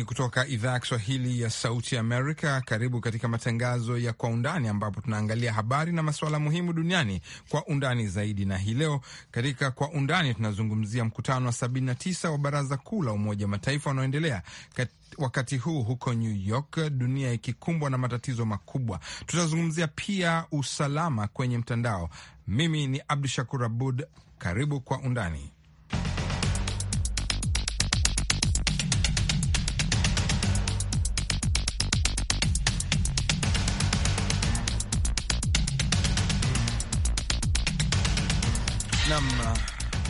undani kutoka idhaa ya Kiswahili ya Sauti ya Amerika. Karibu katika matangazo ya Kwa Undani, ambapo tunaangalia habari na masuala muhimu duniani kwa undani zaidi. Na hii leo katika Kwa Undani tunazungumzia mkutano wa 79 wa Baraza Kuu la Umoja wa Mataifa unaoendelea wakati huu huko New York, dunia ikikumbwa na matatizo makubwa. Tutazungumzia pia usalama kwenye mtandao. Mimi ni Abdu Shakur Abud, karibu Kwa Undani. Number.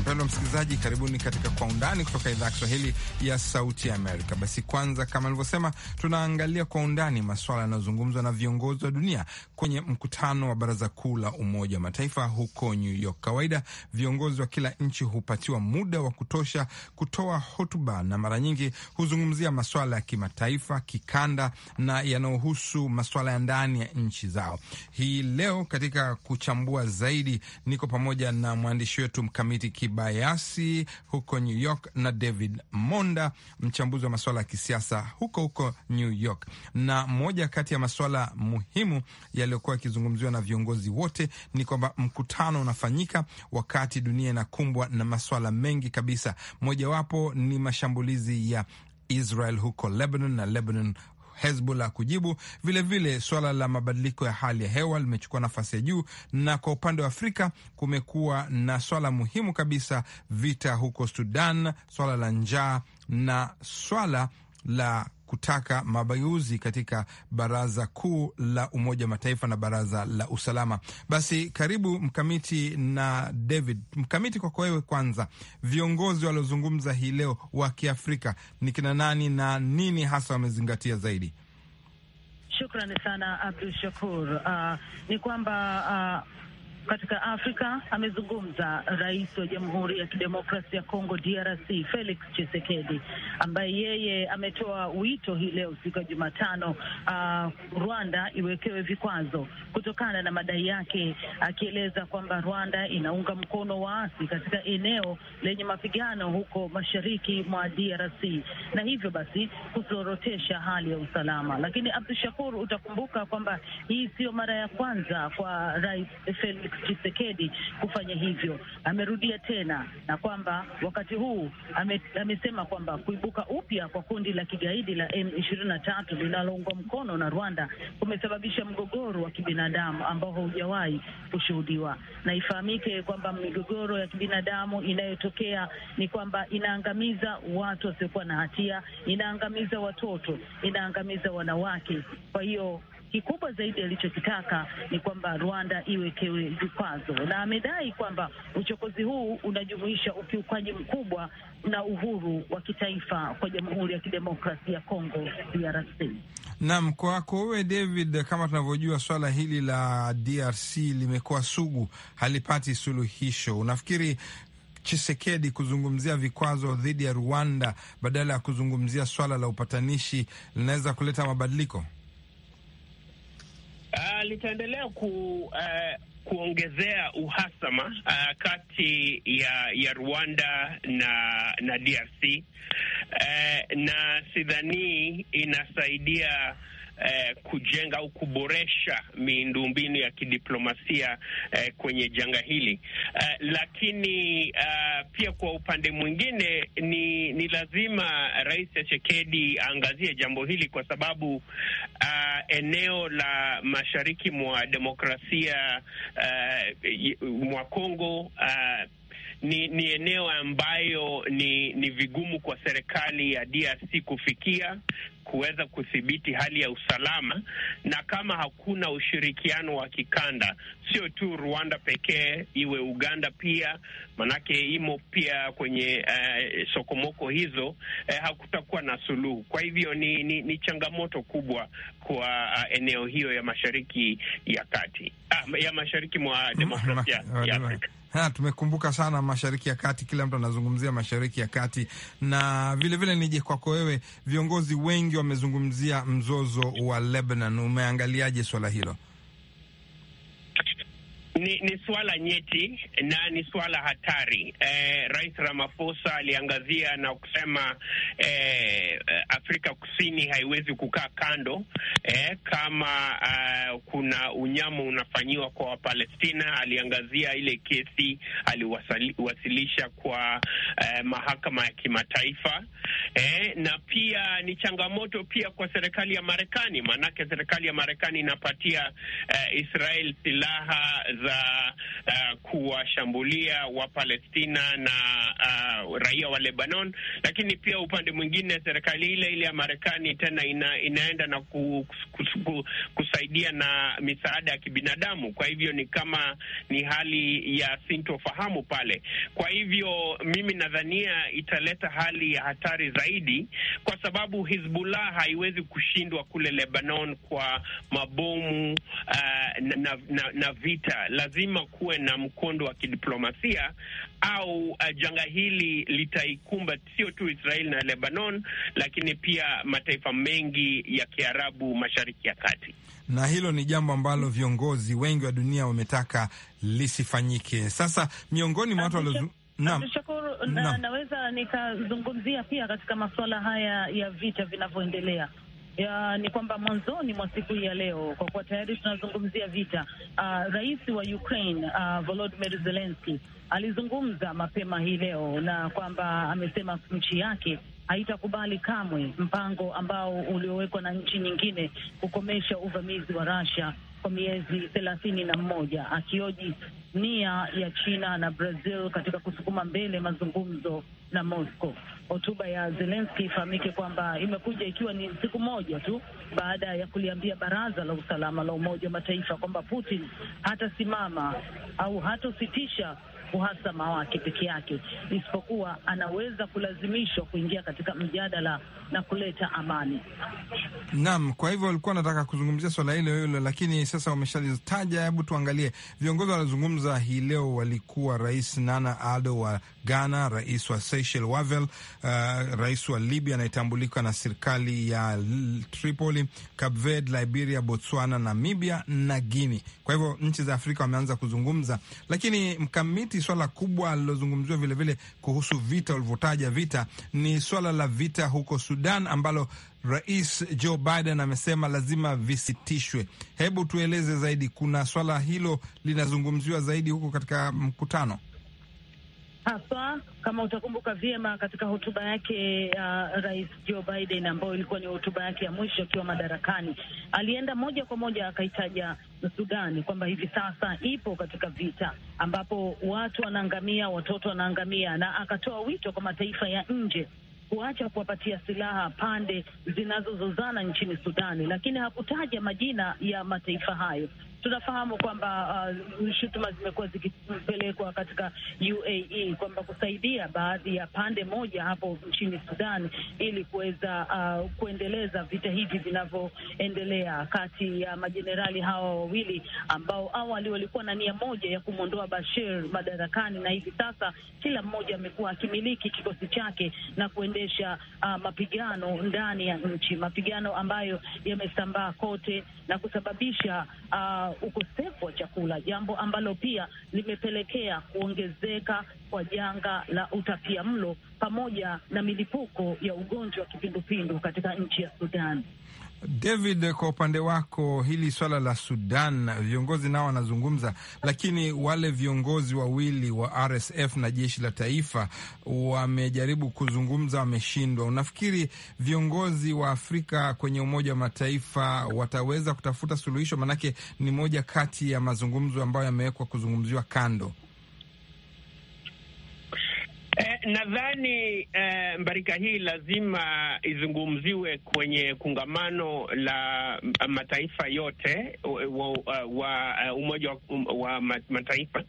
Mpendwa msikilizaji, karibuni katika Kwa Undani kutoka idhaa ya Kiswahili ya Sauti ya Amerika. Basi kwanza, kama alivyosema, tunaangalia kwa undani maswala yanayozungumzwa na viongozi wa dunia kwenye mkutano wa Baraza Kuu la Umoja wa Mataifa huko New York. Kawaida viongozi wa kila nchi hupatiwa muda wa kutosha kutoa hotuba, na mara nyingi huzungumzia maswala ya kimataifa, kikanda na yanayohusu maswala ya ndani ya nchi zao. Hii leo katika kuchambua zaidi, niko pamoja na mwandishi wetu Mkamiti Kibayasi huko New York na David Monda, mchambuzi wa masuala ya kisiasa huko huko New York. Na moja kati ya masuala muhimu yaliyokuwa yakizungumziwa na viongozi wote ni kwamba mkutano unafanyika wakati dunia inakumbwa na masuala mengi kabisa, mojawapo ni mashambulizi ya Israel huko Lebanon na Lebanon Hezbollah kujibu. Vilevile vile, la mabadiliko ya hali ya hewa limechukua nafasi ya juu, na kwa upande wa Afrika kumekuwa na swala muhimu kabisa, vita huko Sudan, swala la njaa na swala la kutaka mabayuzi katika baraza kuu la Umoja wa Mataifa na baraza la usalama. Basi karibu Mkamiti na David. Mkamiti, kwako wewe kwanza, viongozi waliozungumza hii leo wa Kiafrika ni kina nani na nini hasa wamezingatia zaidi? Shukrani sana Abdu Shakur. Uh, ni kwamba uh, katika Afrika amezungumza rais wa Jamhuri ya Kidemokrasia ya Kongo DRC Felix Tshisekedi, ambaye yeye ametoa wito hii leo siku ya Jumatano uh, Rwanda iwekewe vikwazo kutokana na madai yake, akieleza kwamba Rwanda inaunga mkono waasi katika eneo lenye mapigano huko mashariki mwa DRC na hivyo basi kuzorotesha hali ya usalama. Lakini Abdu Shakur, utakumbuka kwamba hii siyo mara ya kwanza kwa rais Felix chisekedi kufanya hivyo. Amerudia tena na kwamba wakati huu ame, amesema kwamba kuibuka upya kwa kundi la kigaidi la M23 linaloungwa mkono na Rwanda kumesababisha mgogoro wa kibinadamu ambao haujawahi kushuhudiwa. Na ifahamike kwamba migogoro ya kibinadamu inayotokea ni kwamba inaangamiza watu wasiokuwa na hatia, inaangamiza watoto, inaangamiza wanawake. Kwa hiyo Kikubwa zaidi alichokitaka ni kwamba Rwanda iwekewe vikwazo, na amedai kwamba uchokozi huu unajumuisha ukiukwaji mkubwa na uhuru wa kitaifa kwa Jamhuri ya Kidemokrasia ya Kongo, DRC. Naam, kwako wewe David, kama tunavyojua swala hili la DRC limekuwa sugu, halipati suluhisho. Unafikiri Chisekedi kuzungumzia vikwazo dhidi ya Rwanda badala ya kuzungumzia swala la upatanishi linaweza kuleta mabadiliko? Uh, ah, litaendelea ku uh, kuongezea uhasama uh, kati ya ya Rwanda na na DRC uh, eh, na sidhani inasaidia eh, kujenga au kuboresha miundombinu ya kidiplomasia eh, kwenye janga hili eh, lakini eh, pia kwa upande mwingine ni, ni lazima Rais Tshisekedi aangazie jambo hili kwa sababu eh, eneo la mashariki mwa demokrasia eh, mwa Kongo eh, ni, ni eneo ambayo ni, ni vigumu kwa serikali ya DRC kufikia kuweza kudhibiti hali ya usalama, na kama hakuna ushirikiano wa kikanda, sio tu Rwanda pekee, iwe Uganda pia, manake imo pia kwenye uh, sokomoko hizo uh, hakutakuwa na suluhu. Kwa hivyo ni, ni, ni changamoto kubwa kwa uh, eneo hiyo ya mashariki ya kati, ah, ya mashariki mwa demokrasia ya Afrika. Ha, tumekumbuka sana mashariki ya kati, kila mtu anazungumzia mashariki ya kati. Na vilevile nije kwako wewe, viongozi wengi wamezungumzia mzozo wa Lebanon, umeangaliaje swala hilo? Ni, ni swala nyeti na ni swala hatari. Eh, Rais Ramaphosa aliangazia na kusema eh, Afrika Kusini haiwezi kukaa kando eh, kama uh, kuna unyama unafanyiwa kwa Wapalestina. Aliangazia ile kesi aliwasilisha kwa eh, mahakama ya kimataifa eh, na pia ni changamoto pia kwa serikali ya Marekani, maanake serikali ya Marekani inapatia eh, Israel silaha za za uh, kuwashambulia Wapalestina na uh, raia wa Lebanon, lakini pia upande mwingine serikali ile ile ya Marekani tena ina, inaenda na ku, ku, ku, kusaidia na misaada ya kibinadamu. Kwa hivyo ni kama ni hali ya sintofahamu pale. Kwa hivyo mimi nadhania italeta hali ya hatari zaidi, kwa sababu Hizbullah haiwezi kushindwa kule Lebanon kwa mabomu uh, na, na, na, na vita lazima kuwe na mkondo wa kidiplomasia au uh, janga hili litaikumba sio tu Israel na Lebanon, lakini pia mataifa mengi ya Kiarabu, Mashariki ya Kati, na hilo ni jambo ambalo viongozi wengi wa dunia wametaka lisifanyike. Sasa miongoni mwa watu walio Abdushakuru, na, naweza nikazungumzia pia katika masuala haya ya vita vinavyoendelea ya, ni kwamba mwanzoni mwa siku hii ya leo, kwa kuwa tayari tunazungumzia vita uh, rais wa Ukraine uh, Volodymyr Zelensky alizungumza mapema hii leo na kwamba amesema nchi yake haitakubali kamwe mpango ambao uliowekwa na nchi nyingine kukomesha uvamizi wa Russia kwa miezi thelathini na mmoja akioji nia ya China na Brazil katika kusukuma mbele mazungumzo na Moscow. Hotuba ya zelenski ifahamike kwamba imekuja ikiwa ni siku moja tu baada ya kuliambia Baraza la Usalama la Umoja wa Mataifa kwamba Putin hatasimama au hatositisha uhasama wake peke yake, isipokuwa anaweza kulazimishwa kuingia katika mjadala na kuleta amani. Naam, kwa hivyo walikuwa wanataka kuzungumzia swala hilo hilo, lakini sasa wameshalitaja. Hebu tuangalie viongozi wanazungumza hii leo. Walikuwa Rais Nana Ado wa Ghana, Rais wa Seychelles Wavel, uh, Rais wa Libya anayetambulika na serikali ya Tripoli, Cape Verde, Liberia, Botswana, Namibia na Guinea. Kwa hivyo nchi za Afrika wameanza kuzungumza, lakini mkamiti, swala kubwa alilozungumziwa vilevile kuhusu vita, ulivyotaja vita ni swala la vita huko Sudan Sudan ambalo Rais Joe Biden amesema lazima visitishwe. Hebu tueleze zaidi, kuna swala hilo linazungumziwa zaidi huko katika mkutano haswa kama utakumbuka vyema katika hotuba yake uh, Rais Joe Biden ambayo ilikuwa ni hotuba yake ya mwisho akiwa madarakani, alienda moja kwa moja akahitaja Sudani kwamba hivi sasa ipo katika vita ambapo watu wanaangamia, watoto wanaangamia, na akatoa wito kwa mataifa ya nje kuacha kuwapatia silaha pande zinazozozana nchini Sudani, lakini hakutaja majina ya mataifa hayo tunafahamu kwamba uh, shutuma zimekuwa zikipelekwa katika UAE kwamba kusaidia baadhi ya pande moja hapo nchini Sudan ili kuweza uh, kuendeleza vita hivi vinavyoendelea kati ya majenerali hawa wawili ambao awali walikuwa na nia moja ya kumwondoa Bashir madarakani, na hivi sasa kila mmoja amekuwa akimiliki kikosi chake na kuendesha uh, mapigano ndani ya nchi, mapigano ambayo yamesambaa kote na kusababisha uh, uh, ukosefu wa chakula, jambo ambalo pia limepelekea kuongezeka kwa janga la utapia mlo pamoja na milipuko ya ugonjwa wa kipindupindu katika nchi ya Sudan. David, kwa upande wako, hili swala la Sudan, viongozi nao wanazungumza, lakini wale viongozi wawili wa RSF na jeshi la taifa wamejaribu kuzungumza, wameshindwa. Unafikiri viongozi wa Afrika kwenye Umoja wa Mataifa wataweza kutafuta suluhisho? Maanake ni moja kati ya mazungumzo ambayo yamewekwa kuzungumziwa kando. Eh, nadhani eh, mbarika hii lazima izungumziwe kwenye kungamano la eh, mataifa yote wa, wa eh, Umoja wa Mataifa,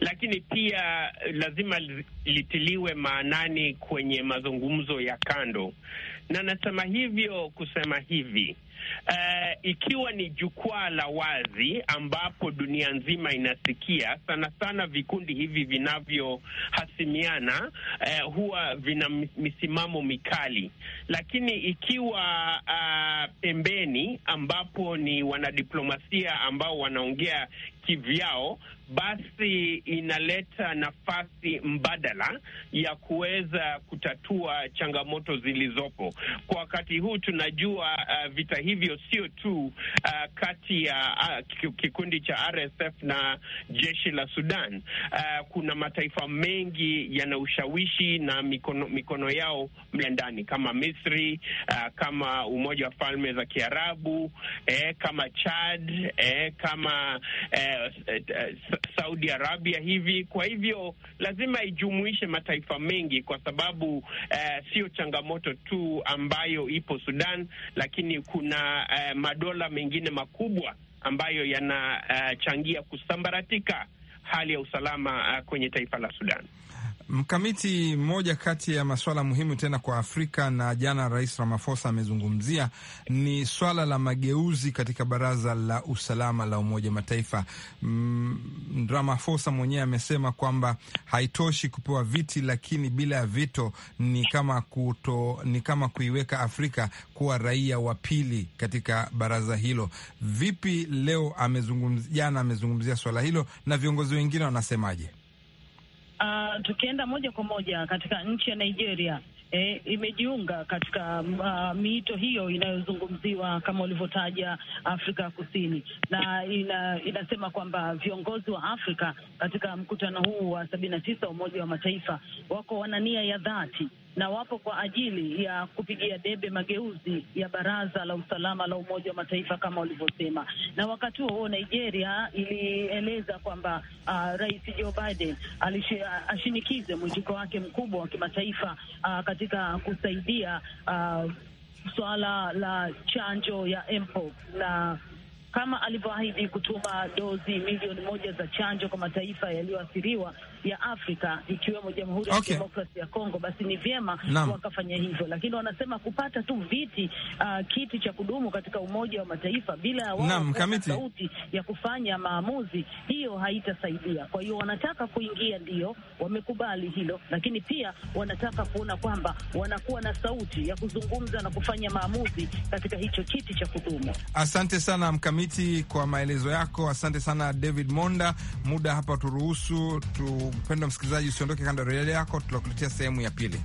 lakini pia lazima litiliwe maanani kwenye mazungumzo ya kando, na nasema hivyo kusema hivi Uh, ikiwa ni jukwaa la wazi ambapo dunia nzima inasikia sana sana vikundi hivi vinavyohasimiana eh, huwa vina misimamo mikali, lakini ikiwa uh, pembeni ambapo ni wanadiplomasia ambao wanaongea kivyao basi inaleta nafasi mbadala ya kuweza kutatua changamoto zilizopo kwa wakati huu. Tunajua uh, vita hivyo sio tu uh, kati ya uh, kikundi cha RSF na jeshi la Sudan. Uh, kuna mataifa mengi yana ushawishi na mikono, mikono yao mle ndani kama Misri uh, kama Umoja wa Falme za Kiarabu eh, kama Chad eh, kama eh, eh, eh Saudi Arabia hivi. Kwa hivyo lazima ijumuishe mataifa mengi, kwa sababu uh, sio changamoto tu ambayo ipo Sudan, lakini kuna uh, madola mengine makubwa ambayo yanachangia eh, uh, kusambaratika hali ya usalama uh, kwenye taifa la Sudan. Mkamiti, mmoja kati ya masuala muhimu tena kwa Afrika na jana Rais Ramaphosa amezungumzia ni swala la mageuzi katika Baraza la Usalama la Umoja Mataifa. Mm, Ramaphosa mwenyewe amesema kwamba haitoshi kupewa viti, lakini bila ya vito ni kama kuto, ni kama kuiweka Afrika kuwa raia wa pili katika baraza hilo. Vipi leo amezungumzia, jana amezungumzia swala hilo na viongozi wengine wanasemaje? uh, tukienda moja kwa moja katika nchi ya Nigeria E, imejiunga katika uh, miito hiyo inayozungumziwa kama ulivyotaja Afrika Kusini, na ina, inasema kwamba viongozi wa Afrika katika mkutano huu wa sabini na tisa wa Umoja wa Mataifa wako wana nia ya dhati na wapo kwa ajili ya kupigia debe mageuzi ya Baraza la Usalama la Umoja wa Mataifa kama walivyosema. Na wakati huo Nigeria ilieleza kwamba uh, Rais Joe Biden uh, ashinikize mwitiko wake mkubwa wa kimataifa uh, katika kusaidia uh, suala la chanjo ya mpox na kama alivyoahidi kutuma dozi milioni moja za chanjo kwa mataifa yaliyoathiriwa ya Afrika ikiwemo Jamhuri ya okay. ya Kongo, basi ni vyema wakafanya hivyo, lakini wanasema kupata tu viti uh, kiti cha kudumu katika Umoja wa Mataifa bila ya wao sauti ya kufanya maamuzi, hiyo haitasaidia. Kwa hiyo wanataka kuingia, ndio wamekubali hilo, lakini pia wanataka kuona kwamba wanakuwa na sauti ya kuzungumza na kufanya maamuzi katika hicho kiti cha kudumu. Asante sana mkamiti kwa maelezo yako. Asante sana David Monda. Muda hapa turuhusu tu mpendo msikilizaji, usiondoke kando ya redio yako, tunakuletea sehemu ya pili.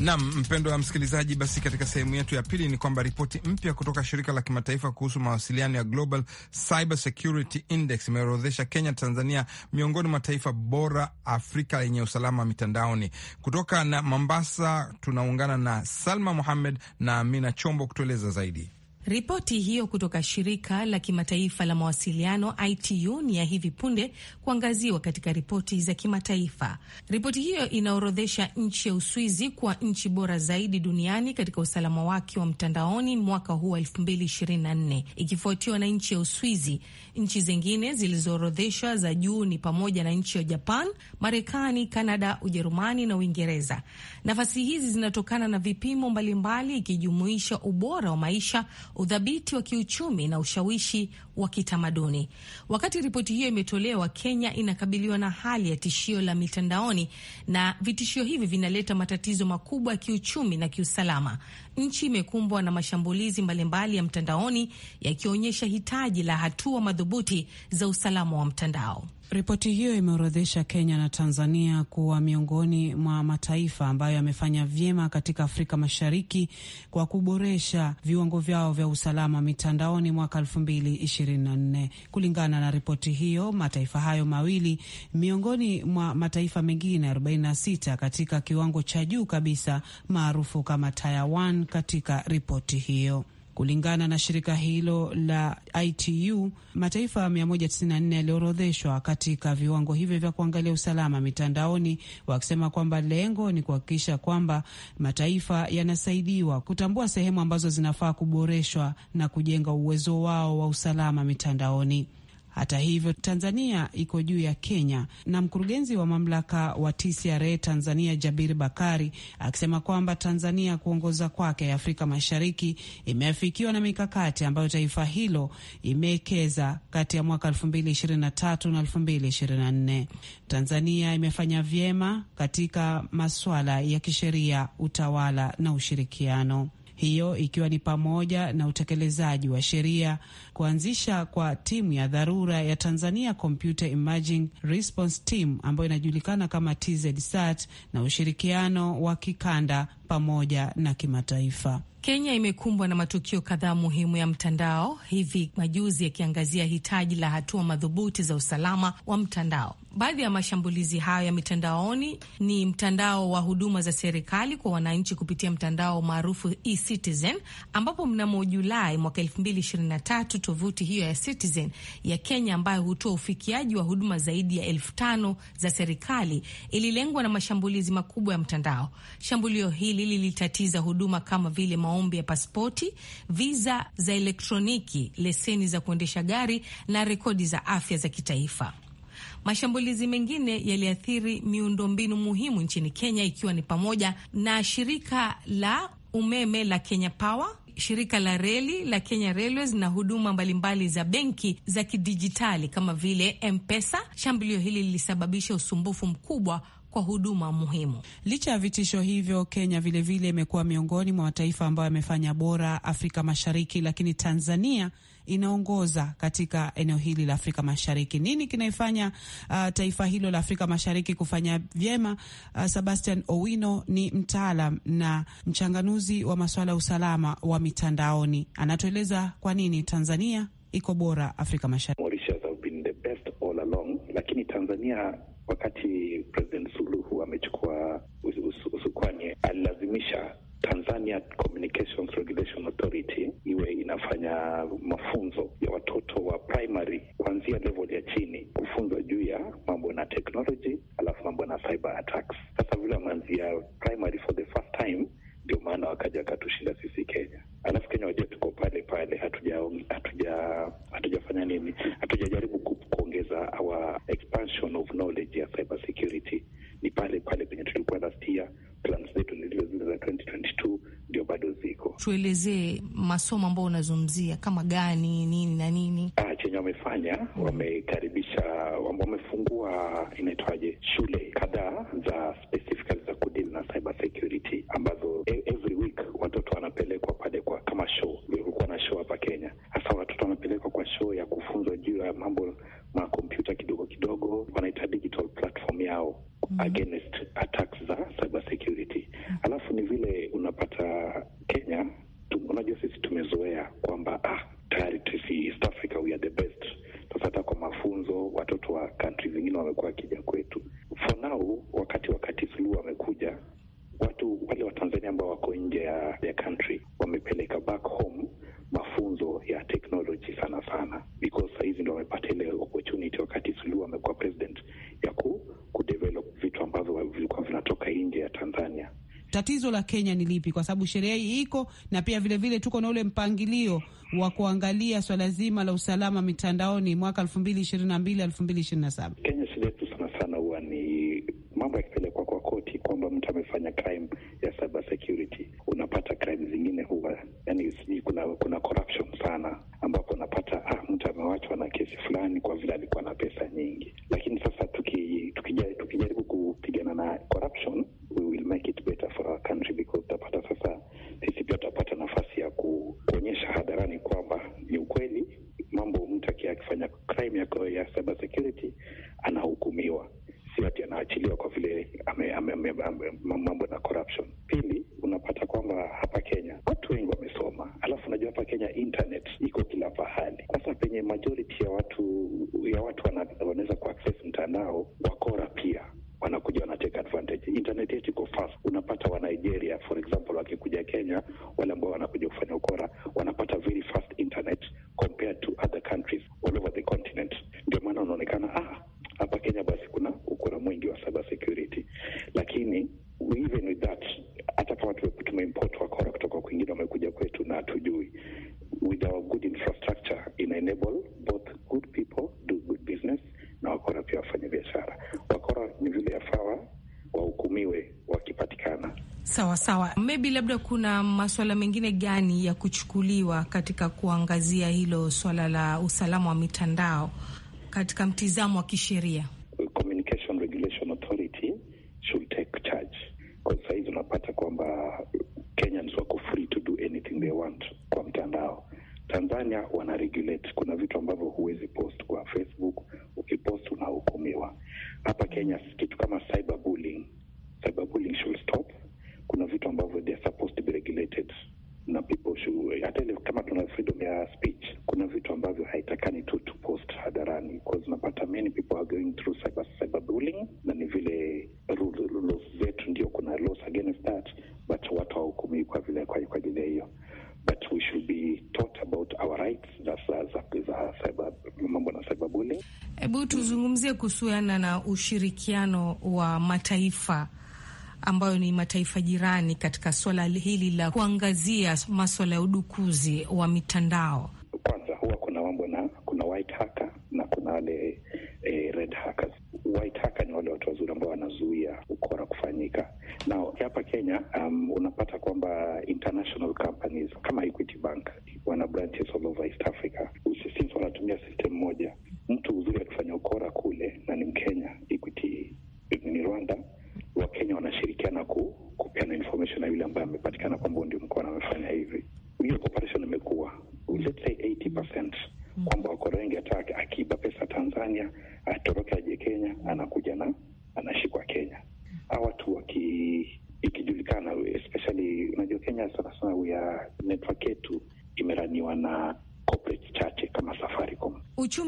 Nam, mpendo wa msikilizaji, basi katika sehemu yetu ya pili ni kwamba ripoti mpya kutoka shirika la kimataifa kuhusu mawasiliano ya Global Cyber Security Index imeorodhesha Kenya, Tanzania miongoni mwa taifa bora Afrika yenye usalama mitandaoni. Kutoka na Mombasa tunaungana na Salma Muhammed na Amina Chombo kutueleza zaidi. Ripoti hiyo kutoka shirika la kimataifa la mawasiliano ITU ni ya hivi punde kuangaziwa katika ripoti za kimataifa. Ripoti hiyo inaorodhesha nchi ya Uswizi kuwa nchi bora zaidi duniani katika usalama wake wa mtandaoni mwaka huu wa 2024 ikifuatiwa na nchi ya Uswizi. Nchi zingine zilizoorodheshwa za juu ni pamoja na nchi ya Japan, Marekani, Kanada, Ujerumani na Uingereza. Nafasi hizi zinatokana na vipimo mbalimbali ikijumuisha ubora wa maisha udhabiti wa kiuchumi na ushawishi wa kitamaduni. Wakati ripoti hiyo imetolewa, Kenya inakabiliwa na hali ya tishio la mitandaoni, na vitishio hivi vinaleta matatizo makubwa ya kiuchumi na kiusalama. Nchi imekumbwa na mashambulizi mbalimbali ya mtandaoni yakionyesha hitaji la hatua madhubuti za usalama wa mtandao. Ripoti hiyo imeorodhesha Kenya na Tanzania kuwa miongoni mwa mataifa ambayo yamefanya vyema katika Afrika Mashariki kwa kuboresha viwango vyao vya usalama mitandaoni mwaka 2024. Kulingana na ripoti hiyo, mataifa hayo mawili miongoni mwa mataifa mengine 46 katika kiwango cha juu kabisa maarufu kama Tier 1 katika ripoti hiyo. Kulingana na shirika hilo la ITU, mataifa 194 yaliorodheshwa katika viwango hivyo vya kuangalia usalama mitandaoni, wakisema kwamba lengo ni kuhakikisha kwamba mataifa yanasaidiwa kutambua sehemu ambazo zinafaa kuboreshwa na kujenga uwezo wao wa usalama mitandaoni. Hata hivyo, Tanzania iko juu ya Kenya, na mkurugenzi wa mamlaka wa TCRA Tanzania Jabir Bakari akisema kwamba Tanzania kuongoza kwake Afrika Mashariki imeafikiwa na mikakati ambayo taifa hilo imewekeza kati ya mwaka 2023 na 2024. Tanzania imefanya vyema katika masuala ya kisheria, utawala na ushirikiano hiyo ikiwa ni pamoja na utekelezaji wa sheria kuanzisha kwa timu ya dharura ya Tanzania Computer Emerging Response Team ambayo inajulikana kama TZSAT na ushirikiano wa kikanda pamoja na kimataifa. Kenya imekumbwa na matukio kadhaa muhimu ya mtandao hivi majuzi yakiangazia hitaji la hatua madhubuti za usalama wa mtandao. Baadhi ya mashambulizi hayo ya mitandaoni ni mtandao wa huduma za serikali kwa wananchi kupitia mtandao maarufu eCitizen, ambapo mnamo Julai mwaka 2023 tovuti hiyo ya Citizen ya Kenya ambayo hutoa ufikiaji wa huduma zaidi ya elfu tano za serikali ililengwa na mashambulizi makubwa ya mtandao. Shambulio hili lilitatiza huduma kama vile maombi ya pasipoti, viza za elektroniki, leseni za kuendesha gari na rekodi za afya za kitaifa. Mashambulizi mengine yaliathiri miundombinu muhimu nchini Kenya, ikiwa ni pamoja na shirika la umeme la Kenya Power shirika la reli la Kenya Railways na huduma mbalimbali za benki za kidijitali kama vile M-Pesa. Shambulio hili lilisababisha usumbufu mkubwa kwa huduma muhimu. Licha ya vitisho hivyo, Kenya vilevile imekuwa miongoni mwa mataifa ambayo yamefanya bora Afrika Mashariki, lakini Tanzania inaongoza katika eneo hili la Afrika Mashariki. Nini kinaifanya uh, taifa hilo la Afrika Mashariki kufanya vyema? Uh, Sebastian Owino ni mtaalam na mchanganuzi wa masuala ya usalama wa mitandaoni, anatueleza kwa nini Tanzania iko bora Afrika Mashariki. Mauritius have been the best all along, lakini Tanzania wakati President Suluhu amechukua usukwani, alilazimisha Tanzania Communications Regulation Authority inafanya mafunzo ya watoto wa primary kuanzia level ya chini, kufunzwa juu ya mambo na technology, alafu mambo na cyber attacks. Sasa vile wameanzia primary for the first time, ndio maana wakaja wakatushinda sisi Kenya, alafu Kenya wajua tuelezee masomo ambayo unazungumzia kama gani nini na nini? Ah, chenye wamefanya wame tatizo la Kenya ni lipi, kwa sababu sheria hii iko na pia vilevile vile tuko na ule mpangilio wa kuangalia swala zima la usalama mitandaoni mwaka elfu mbili ishirini na mbili elfu mbili ishirini na saba. Kenya shida yetu sana sana huwa ni mambo yakipelekwa kwa koti kwamba mtu amefanya crime ya cyber security, unapata crime zingine huu corruption. Pili, unapata kwamba hapa Kenya watu wengi wamesoma, alafu unajua hapa Kenya internet iko kila pahali. Sasa penye majority ya watu ya watu wanaweza kuaccess mtandao sawa. Maybe labda kuna masuala mengine gani ya kuchukuliwa katika kuangazia hilo swala la usalama wa mitandao katika mtizamo wa kisheria? Communication Regulation Authority should take charge. Kwa sahizi unapata kwamba Kenyans wako free to do anything they want kwa mtandao. Tanzania wana regulate. Kuna vitu ambavyo huwezi post kwa Facebook, ukipost unahukumiwa. Hapa Kenya kuhusiana na ushirikiano wa mataifa ambayo ni mataifa jirani katika swala hili la kuangazia maswala ya udukuzi wa mitandao. Kwanza huwa kuna mambo na kuna white hacker na kuna wale eh, red hackers. White hacker ni wale watu wazuri ambao wanazuia ukora kufanyika, na hapa Kenya um, unapata kwamba international companies kama Equity Bank wana branches all over East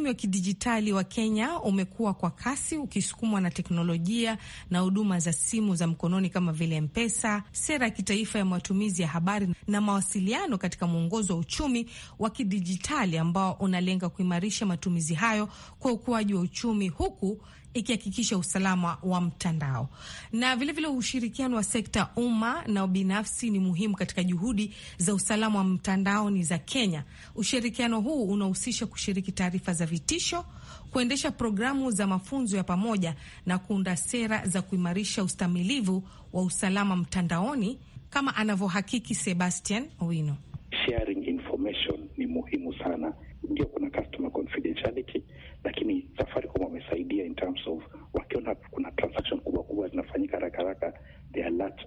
Uchumi wa kidijitali wa Kenya umekuwa kwa kasi ukisukumwa na teknolojia na huduma za simu za mkononi kama vile Mpesa, sera ya kitaifa ya matumizi ya habari na mawasiliano katika mwongozo wa uchumi wa kidijitali ambao unalenga kuimarisha matumizi hayo kwa ukuaji wa uchumi huku ikihakikisha usalama wa mtandao. Na vilevile ushirikiano wa sekta umma na binafsi ni muhimu katika juhudi za usalama wa mtandaoni za Kenya. Ushirikiano huu unahusisha kushiriki taarifa za vitisho, kuendesha programu za mafunzo ya pamoja na kuunda sera za kuimarisha ustamilivu wa usalama mtandaoni kama anavyohakiki Sebastian Owino. Sharing information ni muhimu sana, ndio kuna customer confidentiality lakini Safaricom wamesaidia in terms of wakiona kuna transaction kubwa kubwa zinafanyika haraka haraka, they alert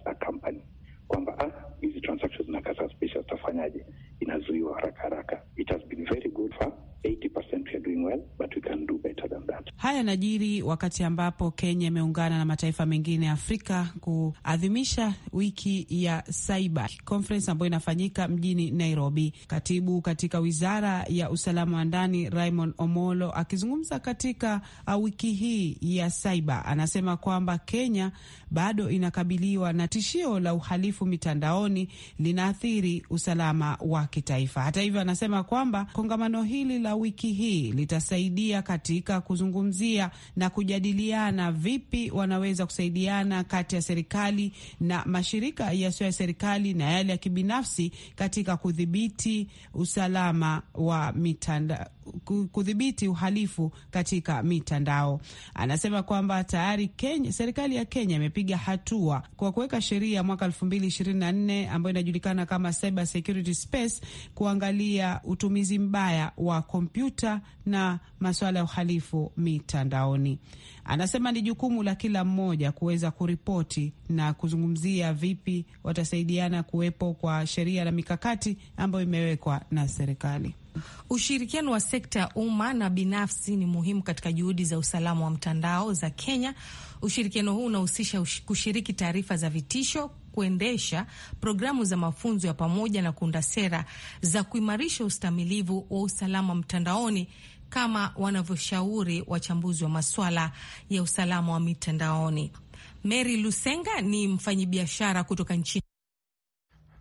Haya yanajiri wakati ambapo Kenya imeungana na mataifa mengine ya Afrika kuadhimisha wiki ya cyber conference ambayo inafanyika mjini Nairobi. Katibu katika wizara ya usalama wa ndani Raymond Omolo akizungumza katika uh, wiki hii ya cyber anasema kwamba Kenya bado inakabiliwa na tishio la uhalifu mitandaoni linaathiri usalama wa kitaifa. Hata hivyo, anasema kwamba kongamano hili la wiki hii litasaidia katika kuzungumza kuzungumzia na kujadiliana vipi wanaweza kusaidiana kati ya serikali na mashirika yasiyo ya serikali na yale ya kibinafsi katika kudhibiti usalama wa mitandao kudhibiti uhalifu katika mitandao. Anasema kwamba tayari Kenya, serikali ya Kenya imepiga hatua kwa kuweka sheria mwaka elfu mbili ishirini na nne ambayo inajulikana kama cyber security space, kuangalia utumizi mbaya wa kompyuta na masuala ya uhalifu mitandaoni. Anasema ni jukumu la kila mmoja kuweza kuripoti na kuzungumzia vipi watasaidiana kuwepo kwa sheria na mikakati ambayo imewekwa na serikali. Ushirikiano wa sekta ya umma na binafsi ni muhimu katika juhudi za usalama wa mtandao za Kenya. Ushirikiano huu unahusisha kushiriki taarifa za vitisho, kuendesha programu za mafunzo ya pamoja na kuunda sera za kuimarisha ustamilivu wa usalama mtandaoni kama wanavyoshauri wachambuzi wa masuala ya usalama wa mitandaoni. Mary Lusenga ni mfanyibiashara kutoka nchini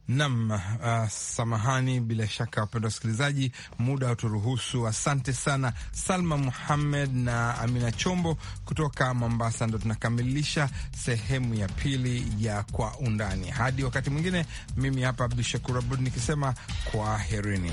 Nam uh, samahani, bila shaka wapendwa wasikilizaji, muda hauturuhusu. Asante sana Salma Muhammed na Amina Chombo kutoka Mombasa. Ndo tunakamilisha sehemu ya pili ya Kwa Undani. Hadi wakati mwingine, mimi hapa Abdu Shakur Abud nikisema kwaherini.